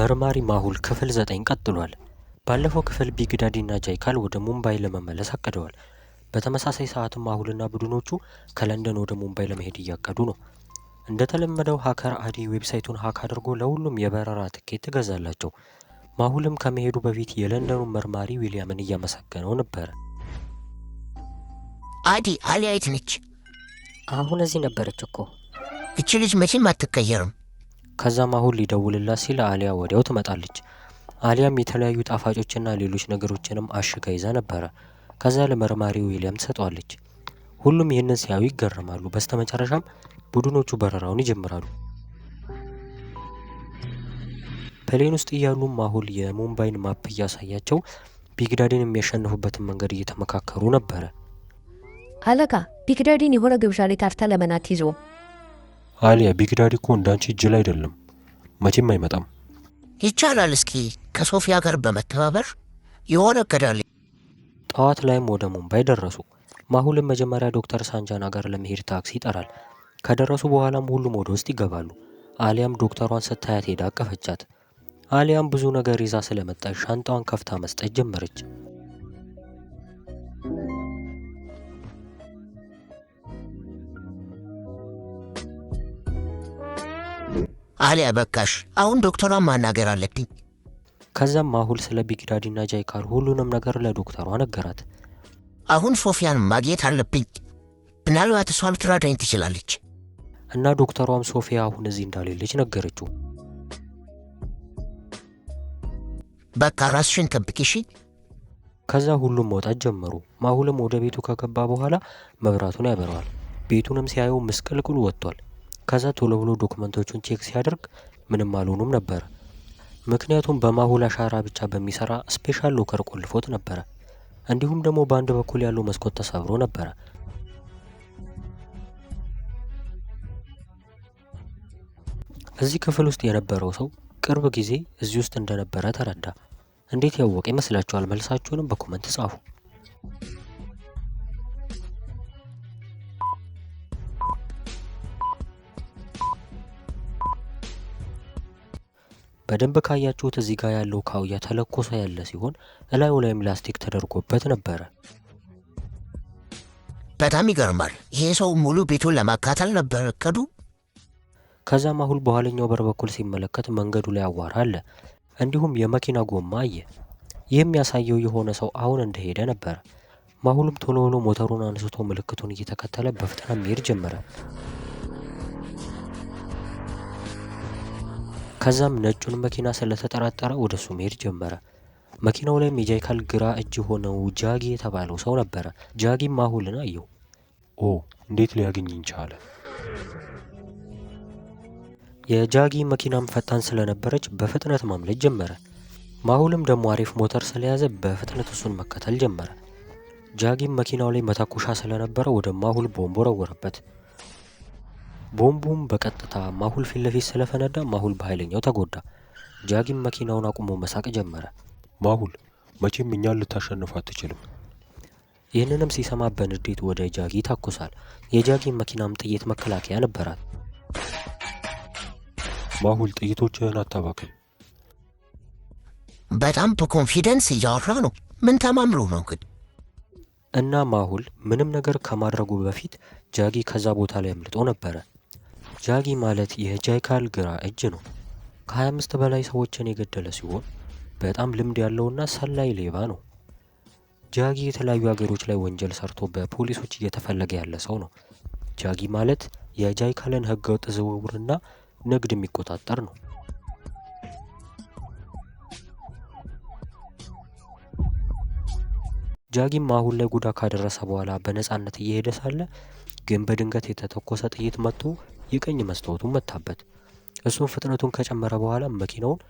መርማሪ ማሁል ክፍል ዘጠኝ ቀጥሏል። ባለፈው ክፍል ቢግዳዲና ጃይካል ወደ ሙምባይ ለመመለስ አቅደዋል። በተመሳሳይ ሰዓትም ማሁልና ቡድኖቹ ከለንደን ወደ ሙምባይ ለመሄድ እያቀዱ ነው። እንደተለመደው ሀከር አዲ ዌብሳይቱን ሀክ አድርጎ ለሁሉም የበረራ ትኬት ትገዛላቸው። ማሁልም ከመሄዱ በፊት የለንደኑን መርማሪ ዊሊያምን እያመሰገነው ነበረ። አዲ አሊያየት ነች? አሁን እዚህ ነበረች እኮ። እች ልጅ መቼም አትቀየርም። ከዛም አሁን ሊደውልላት ሲል አሊያ ወዲያው ትመጣለች። አሊያም የተለያዩ ጣፋጮችና ሌሎች ነገሮችንም አሽጋ ይዛ ነበረ። ከዛ ለመርማሪ ዊሊያም ትሰጠዋለች። ሁሉም ይህንን ሲያዩ ይገረማሉ። በስተመጨረሻም ቡድኖቹ በረራውን ይጀምራሉ። ፕሌን ውስጥ እያሉ ማሁል የሙምባይን ማፕ እያሳያቸው ቢግዳዴን የሚያሸንፉበትን መንገድ እየተመካከሩ ነበረ። አለቃ ቢግዳድን የሆነ ግብዣ ላይ ካርታ ለመናት ይዞ አሊያ ቢግዳዲ እኮ እንዳንቺ ላይ አይደለም፣ መቼም አይመጣም። ይቻላል። እስኪ ከሶፊያ ጋር በመተባበር የሆነ እገዳል። ጠዋት ላይም ወደ ሙምባይ ደረሱ። ማሁልም መጀመሪያ ዶክተር ሳንጃና ጋር ለመሄድ ታክሲ ይጠራል። ከደረሱ በኋላም ሁሉም ወደ ውስጥ ይገባሉ። አሊያም ዶክተሯን ስታያት ሄዳ አቀፈቻት። አሊያም ብዙ ነገር ይዛ ስለመጣች ሻንጣዋን ከፍታ መስጠት ጀመረች። አሊያ በቃሽ፣ አሁን ዶክተሯን ማናገር አለብኝ። ከዛም ማሁል ስለ ቢግ ጃይካል ጃይካር ሁሉንም ነገር ለዶክተሯ ነገራት። አሁን ሶፊያን ማግኘት አለብኝ፣ ምናልባት እሷ ልትረዳኝ ትችላለች። እና ዶክተሯም ሶፊያ አሁን እዚህ እንዳሌለች ነገረችው። በቃ ራስሽን ጠብቂሽ ከዛ ሁሉም መውጣት ጀመሩ። ማሁልም ወደ ቤቱ ከገባ በኋላ መብራቱን ያበረዋል። ቤቱንም ሲያየው ምስቅልቅሉ ወጥቷል። ከዛ ቶሎ ብሎ ዶክመንቶቹን ቼክ ሲያደርግ ምንም አልሆኑም ነበረ። ምክንያቱም በማሁል አሻራ ብቻ በሚሰራ ስፔሻል ሎከር ቆልፎት ነበረ። እንዲሁም ደግሞ በአንድ በኩል ያለው መስኮት ተሰብሮ ነበረ። እዚህ ክፍል ውስጥ የነበረው ሰው ቅርብ ጊዜ እዚህ ውስጥ እንደነበረ ተረዳ። እንዴት ያወቀ ይመስላችኋል? መልሳችሁንም በኮመንት ጻፉ። በደንብ ካያችሁት እዚህ ጋር ያለው ካውያ ተለኮሶ ያለ ሲሆን እላዩ ላይም ላስቲክ ተደርጎበት ነበረ። በጣም ይገርማል። ይሄ ሰው ሙሉ ቤቱን ለማካተል ነበር እቅዱ። ከዛ ማሁል በኋለኛው በር በኩል ሲመለከት መንገዱ ላይ አዋራ አለ፣ እንዲሁም የመኪና ጎማ አየ። ይህም ያሳየው የሆነ ሰው አሁን እንደሄደ ነበረ። ማሁልም ቶሎ ብሎ ሞተሩን አንስቶ ምልክቱን እየተከተለ በፍጥነት መሄድ ጀመረ። ከዛም ነጩን መኪና ስለተጠራጠረ ወደ እሱ መሄድ ጀመረ። መኪናው ላይም የጃይካል ግራ እጅ የሆነው ጃጊ የተባለው ሰው ነበረ። ጃጊም ማሁልን አየው። ኦ እንዴት ሊያገኝ ቻለ? የጃጊ መኪናም ፈጣን ስለነበረች በፍጥነት ማምለጥ ጀመረ። ማሁልም ደግሞ አሪፍ ሞተር ስለያዘ በፍጥነት እሱን መከተል ጀመረ። ጃጊም መኪናው ላይ መተኮሻ ስለነበረ ወደ ማሁል ቦምብ ወረወረበት። ቦምቡም በቀጥታ ማሁል ፊት ለፊት ስለፈነዳ ማሁል በኃይለኛው ተጎዳ። ጃጊም መኪናውን አቁሞ መሳቅ ጀመረ። ማሁል መቼም እኛን ልታሸንፍ አትችልም። ይህንንም ሲሰማ በንዴት ወደ ጃጊ ታኩሳል። የጃጊን መኪናም ጥይት መከላከያ ነበራት። ማሁል ጥይቶችህን አታባክል። በጣም በኮንፊደንስ እያወራ ነው። ምን ተማምሮ ነው ግን? እና ማሁል ምንም ነገር ከማድረጉ በፊት ጃጊ ከዛ ቦታ ላይ አምልጦ ነበረ። ጃጊ ማለት የጃይካል ግራ እጅ ነው። ከ25 በላይ ሰዎችን የገደለ ሲሆን በጣም ልምድ ያለውና ሰላይ ሌባ ነው። ጃጊ የተለያዩ ሀገሮች ላይ ወንጀል ሰርቶ በፖሊሶች እየተፈለገ ያለ ሰው ነው። ጃጊ ማለት የጃይካልን ህገወጥ ዝውውርና ንግድ የሚቆጣጠር ነው። ጃጊም አሁን ላይ ጉዳ ካደረሰ በኋላ በነጻነት እየሄደ ሳለ ግን በድንገት የተተኮሰ ጥይት መጥቶ የቀኝ መስታወቱን መታበት። እሱም ፍጥነቱን ከጨመረ በኋላ መኪናውን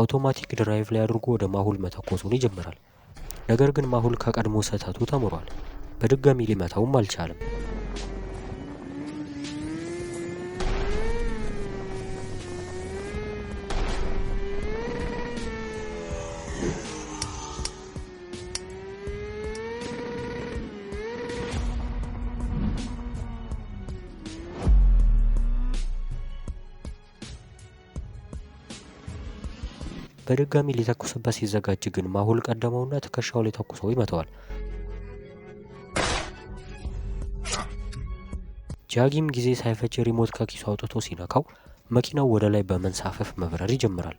አውቶማቲክ ድራይቭ ላይ አድርጎ ወደ ማሁል መተኮሱን ይጀምራል። ነገር ግን ማሁል ከቀድሞ ስህተቱ ተምሯል። በድጋሚ ሊመታውም አልቻለም። በድጋሚ ሊተኩስበት ሲዘጋጅ ግን ማሁል ቀደመውና ትከሻው ላይ ተኩሰው ይመተዋል። ጃጊም ጊዜ ሳይፈጅ ሪሞት ከኪሱ አውጥቶ ሲነካው መኪናው ወደ ላይ በመንሳፈፍ መብረር ይጀምራል።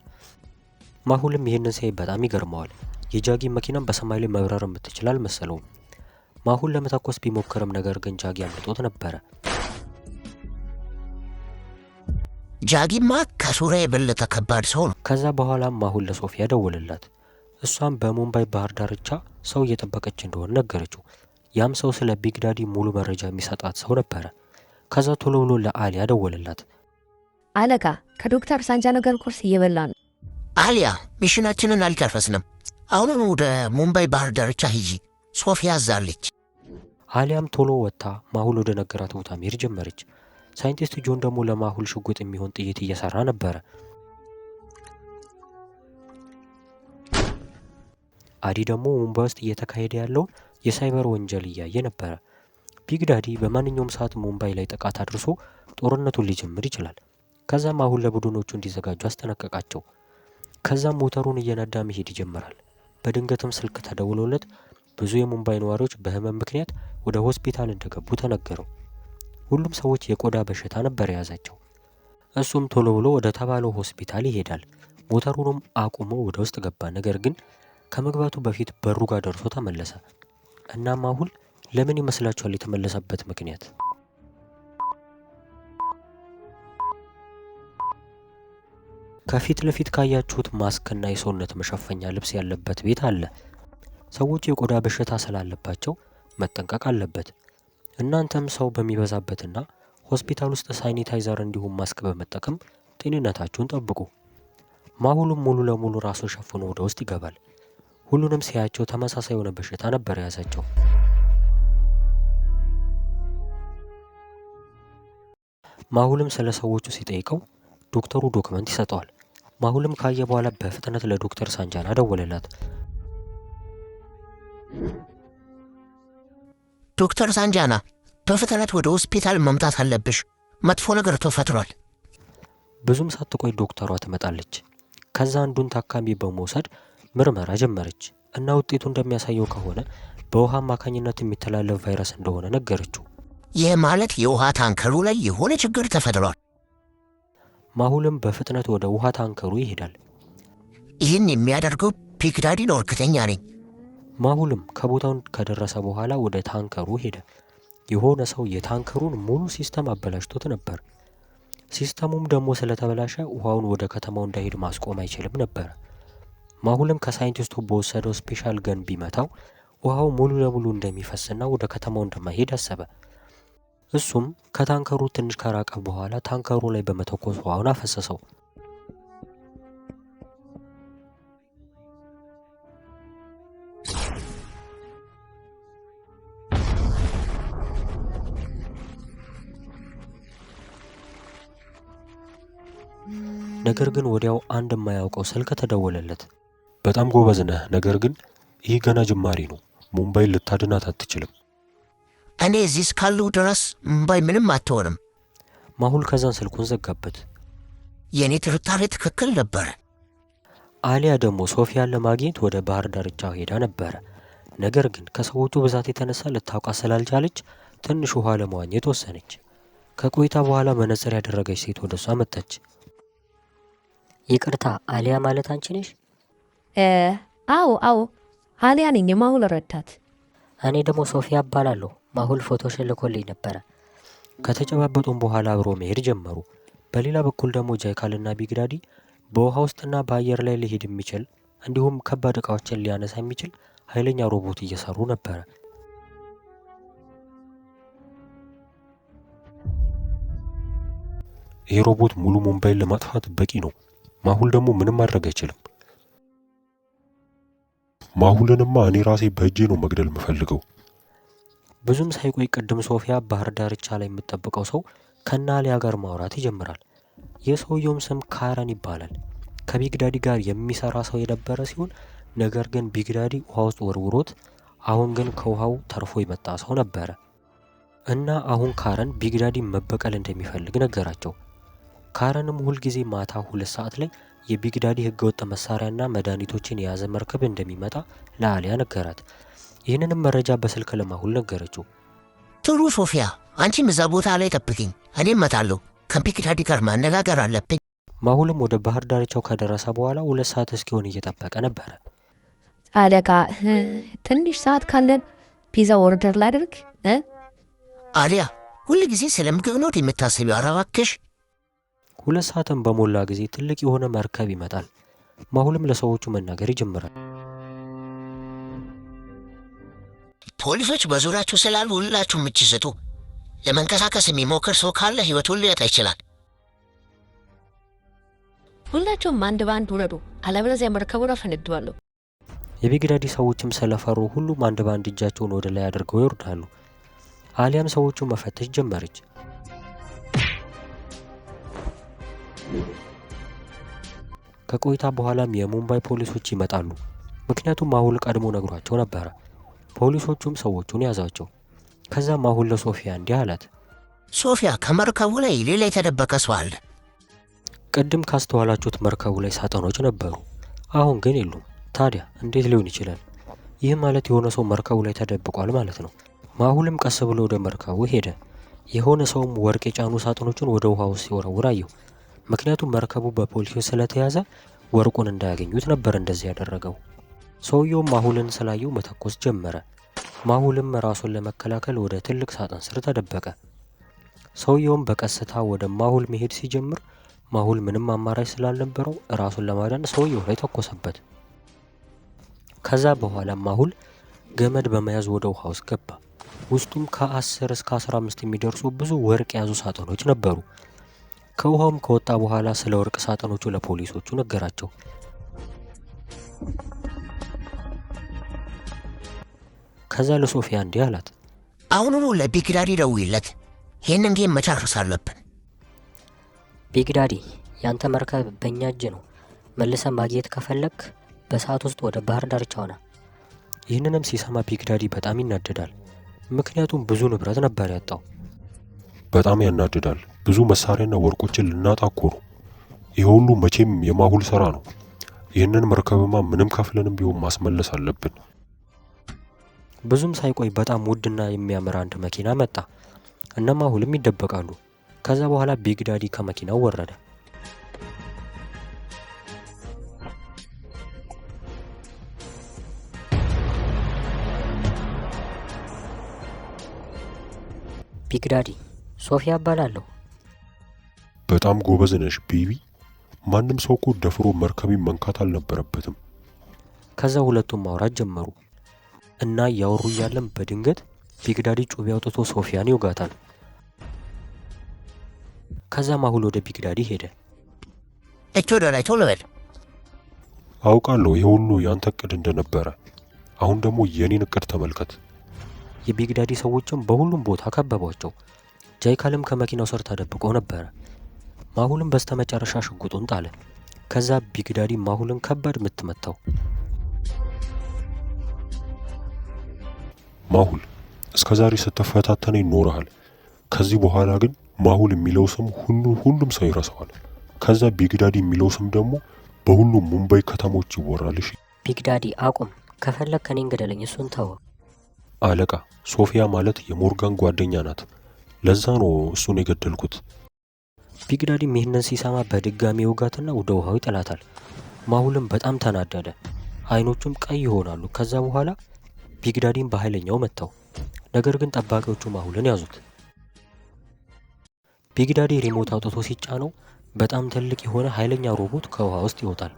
ማሁልም ይህንን ሲያይ በጣም ይገርመዋል። የጃጊ መኪናም በሰማይ ላይ መብረር የምትችል አልመሰለውም። ማሁል ለመተኮስ ቢሞክርም ነገር ግን ጃጊ አምልጦት ነበረ። ጃጊማ ከሱራ የበለጠ ከባድ ሰው ነው። ከዛ በኋላም አሁን ለሶፊያ ደወለላት። እሷም በሙምባይ ባህር ዳርቻ ሰው እየጠበቀች እንደሆነ ነገረችው። ያም ሰው ስለ ቢግ ዳዲ ሙሉ መረጃ የሚሰጣት ሰው ነበረ። ከዛ ቶሎ ብሎ ለአሊያ ደወለላት። አለቃ ከዶክተር ሳንጃኖ ጋር ቁርስ እየበላ ነው። አሊያ ሚሽናችንን አልጨረስንም። አሁኑን ወደ ሙምባይ ባህር ዳርቻ ሂጂ፣ ሶፊያ አዛለች። አሊያም ቶሎ ወጥታ ማሁል ወደ ነገራት ቦታ መሄድ ጀመረች። ሳይንቲስት ጆን ደግሞ ለማሁል ሽጉጥ የሚሆን ጥይት እየሰራ ነበረ። አዲ ደግሞ ሙምባይ ውስጥ እየተካሄደ ያለውን የሳይበር ወንጀል እያየ ነበረ። ቢግ ዳዲ በማንኛውም ሰዓት ሙምባይ ላይ ጥቃት አድርሶ ጦርነቱን ሊጀምር ይችላል። ከዛም አሁን ለቡድኖቹ እንዲዘጋጁ አስጠነቀቃቸው። ከዛም ሞተሩን እየነዳ መሄድ ይጀምራል። በድንገትም ስልክ ተደውሎለት ብዙ የሙምባይ ነዋሪዎች በህመም ምክንያት ወደ ሆስፒታል እንደገቡ ተነገረው። ሁሉም ሰዎች የቆዳ በሽታ ነበር የያዛቸው። እሱም ቶሎ ብሎ ወደ ተባለው ሆስፒታል ይሄዳል። ሞተሩንም አቁሞ ወደ ውስጥ ገባ። ነገር ግን ከመግባቱ በፊት በሩ ጋር ደርሶ ተመለሰ። እናም አሁን ለምን ይመስላችኋል የተመለሰበት ምክንያት? ከፊት ለፊት ካያችሁት ማስክና የሰውነት መሸፈኛ ልብስ ያለበት ቤት አለ። ሰዎች የቆዳ በሽታ ስላለባቸው መጠንቀቅ አለበት። እናንተም ሰው በሚበዛበትና ሆስፒታል ውስጥ ሳኒታይዘር እንዲሁም ማስክ በመጠቀም ጤንነታችሁን ጠብቁ። ማሁሉም ሙሉ ለሙሉ ራሱን ሸፍኖ ወደ ውስጥ ይገባል። ሁሉንም ሲያያቸው ተመሳሳይ የሆነ በሽታ ነበር የያዛቸው። ማሁልም ስለ ሰዎቹ ሲጠይቀው ዶክተሩ ዶክመንት ይሰጠዋል። ማሁልም ካየ በኋላ በፍጥነት ለዶክተር ሳንጃላ ደወለላት። ዶክተር ሳንጃና በፍጥነት ወደ ሆስፒታል መምጣት አለብሽ፣ መጥፎ ነገር ተፈጥሯል። ብዙም ሳትቆይ ዶክተሯ ትመጣለች። ከዛ አንዱን ታካሚ በመውሰድ ምርመራ ጀመረች እና ውጤቱ እንደሚያሳየው ከሆነ በውሃ አማካኝነት የሚተላለፍ ቫይረስ እንደሆነ ነገረችው። ይህ ማለት የውሃ ታንከሩ ላይ የሆነ ችግር ተፈጥሯል። ማሁልም በፍጥነት ወደ ውሃ ታንከሩ ይሄዳል። ይህን የሚያደርገው ነው፣ እርግጠኛ ነኝ። ማሁልም ከቦታው ከደረሰ በኋላ ወደ ታንከሩ ሄደ። የሆነ ሰው የታንከሩን ሙሉ ሲስተም አበላሽቶት ነበር። ሲስተሙም ደግሞ ስለተበላሸ ውሃውን ወደ ከተማው እንዳይሄድ ማስቆም አይችልም ነበር። ማሁልም ከሳይንቲስቱ በወሰደው ስፔሻል ገን ቢመታው ውሃው ሙሉ ለሙሉ እንደሚፈስና ወደ ከተማው እንደማይሄድ አሰበ። እሱም ከታንከሩ ትንሽ ከራቀ በኋላ ታንከሩ ላይ በመተኮስ ውሃውን አፈሰሰው። ነገር ግን ወዲያው አንድ የማያውቀው ስልክ ተደወለለት። በጣም ጎበዝ ነህ፣ ነገር ግን ይህ ገና ጅማሬ ነው። ሙምባይን ልታድናት አትችልም። እኔ እዚህ እስካለሁ ድረስ ሙምባይ ምንም አትሆንም። ማሁል ከዛን ስልኩን ዘጋበት። የእኔ ትርታሬ ትክክል ነበረ። አሊያ ደግሞ ሶፊያን ለማግኘት ወደ ባህር ዳርቻ ሄዳ ነበረ። ነገር ግን ከሰዎቹ ብዛት የተነሳ ልታውቃ ስላልቻለች ትንሽ ውሃ ለመዋኘት ወሰነች። ከቆይታ በኋላ መነጽር ያደረገች ሴት ወደ እሷ መጣች። ይቅርታ አሊያ ማለት አንቺ ነሽ? አዎ አዎ አሊያ ነኝ፣ የማሁል ረዳት። እኔ ደግሞ ሶፊያ እባላለሁ። ማሁል ፎቶሽን ልኮልኝ ነበረ። ከተጨባበጡም በኋላ አብሮ መሄድ ጀመሩ። በሌላ በኩል ደግሞ ጃይካልና ቢግዳዲ በውሃ ውስጥና በአየር ላይ ሊሄድ የሚችል እንዲሁም ከባድ እቃዎችን ሊያነሳ የሚችል ኃይለኛ ሮቦት እየሰሩ ነበረ። ይህ ሮቦት ሙሉ ሙምባይን ለማጥፋት በቂ ነው። ማሁል ደግሞ ምንም ማድረግ አይችልም። ማሁልንማ እኔ ራሴ በእጄ ነው መግደል የምፈልገው። ብዙም ሳይቆይ ቅድም ሶፊያ ባህር ዳርቻ ላይ የምጠብቀው ሰው ከናሊያ ጋር ማውራት ይጀምራል። የሰውየውም ስም ካረን ይባላል። ከቢግዳዲ ጋር የሚሰራ ሰው የነበረ ሲሆን ነገር ግን ቢግዳዲ ውሃ ውስጥ ወርውሮት አሁን ግን ከውሃው ተርፎ የመጣ ሰው ነበረ እና አሁን ካረን ቢግዳዲ መበቀል እንደሚፈልግ ነገራቸው። ካረንም ሁልጊዜ ማታ ሁለት ሰዓት ላይ የቢግዳዲ ህገወጥ መሳሪያና መድኃኒቶችን የያዘ መርከብ እንደሚመጣ ለአሊያ ነገራት። ይህንንም መረጃ በስልክ ለማሁል ነገረችው። ጥሩ ሶፊያ፣ አንቺም እዛ ቦታ ላይ ጠብቅኝ፣ እኔም መጣለሁ። ከቢግዳዲ ጋር ማነጋገር አለብኝ። ማሁልም ወደ ባህር ዳርቻው ከደረሰ በኋላ ሁለት ሰዓት እስኪሆን እየጠበቀ ነበረ። አለቃ፣ ትንሽ ሰዓት ካለን ፒዛ ኦርደር ላድርግ። አሊያ፣ ሁልጊዜ ስለ ምግብ ነው የምታስቢው? አረባክሽ ሁለት ሰዓትም በሞላ ጊዜ ትልቅ የሆነ መርከብ ይመጣል። ማሁልም ለሰዎቹ መናገር ይጀምራል። ፖሊሶች በዙሪያችሁ ስላሉ ሁላችሁ የምትስቱ፣ ለመንቀሳቀስ የሚሞክር ሰው ካለ ህይወቱ ሊያጣ ይችላል። ሁላችሁም አንድ በአንድ ውረዱ፣ አለበለዚያ መርከቡን አፈነዳዋለሁ። የቢግዳዲ ሰዎችም ስለፈሩ ሁሉም አንድ በአንድ እጃቸውን ወደ ላይ አድርገው ይወርዳሉ። አሊያም ሰዎቹ መፈተሽ ጀመረች። ከቆይታ በኋላም የሙምባይ ፖሊሶች ይመጣሉ። ምክንያቱም ማሁል ቀድሞ ነግሯቸው ነበረ። ፖሊሶቹም ሰዎቹን ያዛቸው። ከዛም ማሁል ለሶፊያ እንዲህ አላት፣ ሶፊያ ከመርከቡ ላይ ሌላ የተደበቀ ሰው አለ። ቅድም ካስተዋላችሁት መርከቡ ላይ ሳጥኖች ነበሩ፣ አሁን ግን የሉም። ታዲያ እንዴት ሊሆን ይችላል? ይህ ማለት የሆነ ሰው መርከቡ ላይ ተደብቋል ማለት ነው። ማሁልም ቀስ ብሎ ወደ መርከቡ ሄደ። የሆነ ሰውም ወርቅ የጫኑ ሳጥኖቹን ወደ ውሃ ውስጥ ሲወረውር አየሁ። ምክንያቱም መርከቡ በፖሊሶች ስለተያዘ ወርቁን እንዳያገኙት ነበር እንደዚህ ያደረገው። ሰውየው ማሁልን ስላየው መተኮስ ጀመረ። ማሁልም ራሱን ለመከላከል ወደ ትልቅ ሳጥን ስር ተደበቀ። ሰውየውም በቀስታ ወደ ማሁል መሄድ ሲጀምር ማሁል ምንም አማራጭ ስላልነበረው ራሱን ለማዳን ሰውየው ላይ ተኮሰበት። ከዛ በኋላ ማሁል ገመድ በመያዝ ወደ ውሃ ውስጥ ገባ። ውስጡም ከ10 እስከ 15 የሚደርሱ ብዙ ወርቅ የያዙ ሳጥኖች ነበሩ። ከውሃውም ከወጣ በኋላ ስለ ወርቅ ሳጥኖቹ ለፖሊሶቹ ነገራቸው። ከዛ ለሶፊያ እንዲህ አላት፣ አሁኑኑ ለቢግዳዲ ደውይለት፣ ይህንን ጌም መጨረስ አለብን። ቢግዳዲ፣ ያንተ መርከብ በእኛ እጅ ነው። መልሰን ማግኘት ከፈለግ በሰዓት ውስጥ ወደ ባህር ዳርቻ ሆነ። ይህንንም ሲሰማ ቢግዳዲ በጣም ይናደዳል። ምክንያቱም ብዙ ንብረት ነበር ያጣው። በጣም ያናድዳል። ብዙ መሳሪያና ወርቆችን ልናጣ እኮ ነው። ይህ ሁሉ መቼም የማሁል ስራ ነው። ይህንን መርከብማ ምንም ከፍለንም ቢሆን ማስመለስ አለብን። ብዙም ሳይቆይ በጣም ውድና የሚያምር አንድ መኪና መጣ። እነ ማሁልም ይደበቃሉ። ከዛ በኋላ ቢግ ዳዲ ከመኪናው ወረደ። ቢግ ዳዲ ሶፊያ እባላለሁ በጣም ጎበዝ ነሽ ቤቢ። ማንም ሰው እኮ ደፍሮ መርከቤን መንካት አልነበረበትም። ከዛ ሁለቱም ማውራት ጀመሩ እና እያወሩ እያለም በድንገት ቢግዳዲ ጩቤ አውጥቶ ሶፊያን ይውጋታል። ከዛ ማሁል ወደ ቢግዳዲ ሄደ። እች ወደ ላይ ቶሎ በል አውቃለሁ የሁሉ ያንተ እቅድ እንደነበረ። አሁን ደግሞ የኔን እቅድ ተመልከት። የቢግዳዲ ሰዎችም በሁሉም ቦታ ከበቧቸው። ጃይካልም ከመኪናው ስር ተደብቆ ነበረ። ማሁልም በስተመጨረሻ ሽጉጡን ጣለ። ከዛ ቢግዳዲ ማሁልን ከባድ ምት መታው። ማሁል እስከ ዛሬ ስትፈታተነኝ ይኖረሃል። ከዚህ በኋላ ግን ማሁል የሚለው ስም ሁሉ ሁሉም ሰው ይረሳዋል። ከዛ ቢግዳዲ የሚለው ስም ደግሞ በሁሉም ሙምባይ ከተሞች ይወራል። እሺ ቢግዳዲ አቁም፣ ከፈለግ ከኔ እንገደለኝ፣ እሱን ተው። አለቃ ሶፊያ ማለት የሞርጋን ጓደኛ ናት። ለዛ ነው እሱን የገደልኩት። ቢግ ዳዲም ይህንን ሲሰማ በድጋሚ ውጋትና ወደ ውሃው ይጥላታል። ማሁልም በጣም ተናደደ፣ አይኖቹም ቀይ ይሆናሉ። ከዛ በኋላ ቢግ በኃይለኛው መታው። ነገር ግን ጠባቂዎቹ ማሁልን ያዙት። ቢግዳዲ ሪሞት አውጥቶ ሲጫነው በጣም ትልቅ የሆነ ኃይለኛ ሮቦት ከውሃ ውስጥ ይወጣል።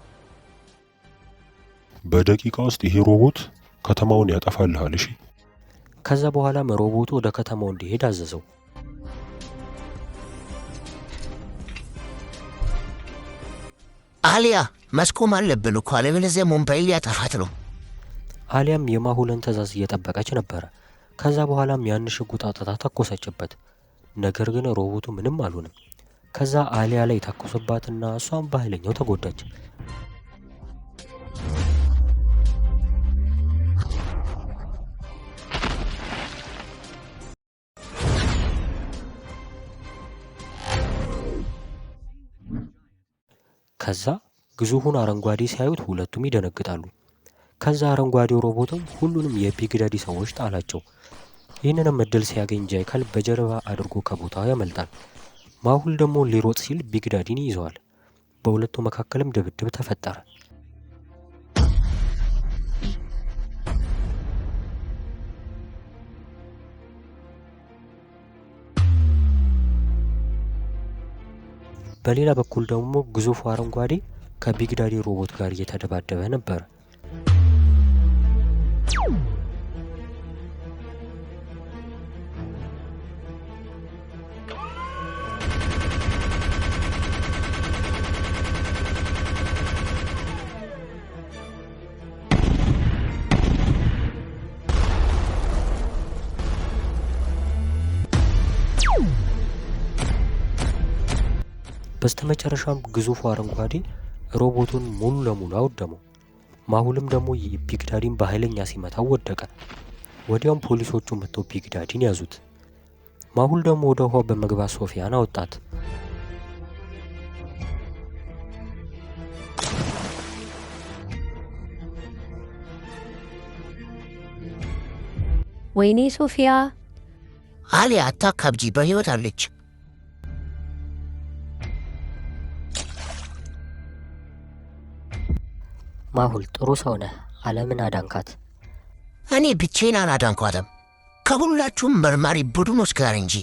በደቂቃ ውስጥ ይሄ ሮቦት ከተማውን ያጠፋልሃል። እሺ። ከዛ በኋላም ሮቦቱ ወደ ከተማው እንዲሄድ አዘዘው። አሊያ መስኮም አለብን እኮ አለበለዚያ ሞምባይል ሊያጠፋት ነው። አሊያም የማሁልን ተዛዝ እየጠበቀች ነበረ። ከዛ በኋላም ያን ሽጉጥ አውጥታ ተኮሰችበት። ነገር ግን ሮቦቱ ምንም አልሆንም። ከዛ አሊያ ላይ ተኮሰባትና እሷም በኃይለኛው ተጎዳች። ከዛ ግዙፉን አረንጓዴ ሲያዩት ሁለቱም ይደነግጣሉ። ከዛ አረንጓዴው ሮቦትም ሁሉንም የቢግ ዳዲ ሰዎች ጣላቸው። ይህንንም እድል ሲያገኝ ጃይካል በጀርባ አድርጎ ከቦታው ያመልጣል። ማሁል ደግሞ ሊሮጥ ሲል ቢግ ዳዲን ይዘዋል። በሁለቱ መካከልም ድብድብ ተፈጠረ። በሌላ በኩል ደግሞ ግዙፉ አረንጓዴ ከቢግዳዲ ሮቦት ጋር እየተደባደበ ነበር። በስተመጨረሻም ግዙፉ አረንጓዴ ሮቦቱን ሙሉ ለሙሉ አወደመው። ማሁልም ደግሞ ቢግዳዲን በኃይለኛ ሲመታው ወደቀ። ወዲያውም ፖሊሶቹ መጥተው ቢግዳዲን ያዙት። ማሁል ደግሞ ወደ ውሃ በመግባት ሶፊያን አወጣት። ወይኔ ሶፊያ! አሊያ አታካብጂ፣ በሕይወት አለች። ማሁል ጥሩ ሰው ነህ። ዓለምን አዳንካት። እኔ ብቼን አላዳንኳትም ከሁላችሁም መርማሪ ቡድኖች ጋር እንጂ